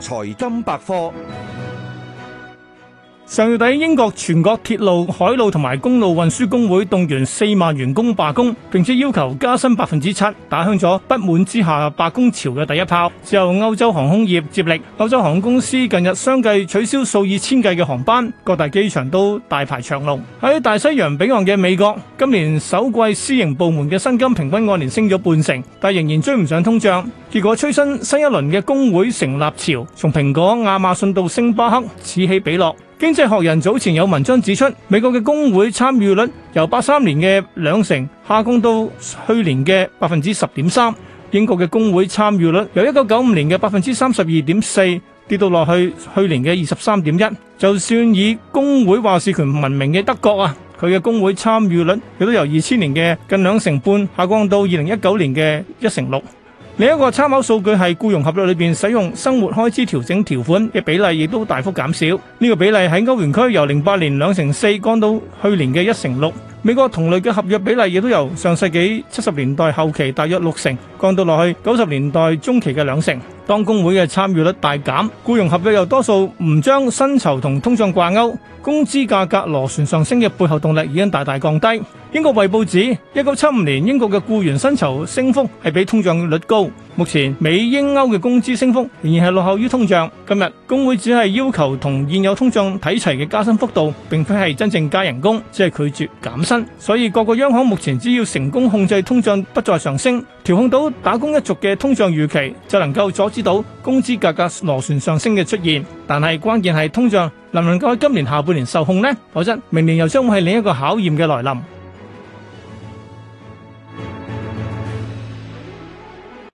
財金百科。上月底，英國全國鐵路、海路同埋公路運輸工會動員四萬員工罷工，並且要求加薪百分之七，打響咗不滿之下罷工潮嘅第一炮。之後，歐洲航空業接力，歐洲航空公司近日相繼取消數以千計嘅航班，各大機場都大排長龍。喺大西洋彼岸嘅美國，今年首季私營部門嘅薪金平均按年升咗半成，但仍然追唔上通脹，結果催生新，新一輪嘅工會成立潮，從蘋果、亞馬遜到星巴克，此起彼落。經濟學人早前有文章指出，美國嘅工會參與率由八三年嘅兩成下降到去年嘅百分之十點三。英國嘅工會參與率由一九九五年嘅百分之三十二點四跌到落去去年嘅二十三點一。就算以工會話事權聞名嘅德國啊，佢嘅工會參與率亦都由二千年嘅近兩成半下降到二零一九年嘅一成六。另一個參考數據係僱傭合約裏邊使用生活開支調整條款嘅比例，亦都大幅減少。呢個比例喺歐元區由零八年兩成四降到去年嘅一成六，美國同類嘅合約比例亦都由上世紀七十年代後期大約六成降到落去九十年代中期嘅兩成。當工會嘅參與率大減，僱傭合約又多數唔將薪酬同通脹掛鈎，工資價格螺旋上升嘅背後動力已經大大降低。英國衛報指，一九七五年英國嘅僱員薪酬升幅係比通脹率高。目前美英歐嘅工資升幅仍然係落後於通脹。今日工會只係要求同現有通脹睇齊嘅加薪幅度，並非係真正加人工，只係拒絕減薪。所以各個央行目前只要成功控制通脹不再上升，調控到打工一族嘅通脹預期，就能夠阻止到工資價格螺旋上升嘅出現。但係關鍵係通脹能唔能夠喺今年下半年受控呢？否則明年又將會係另一個考驗嘅來臨。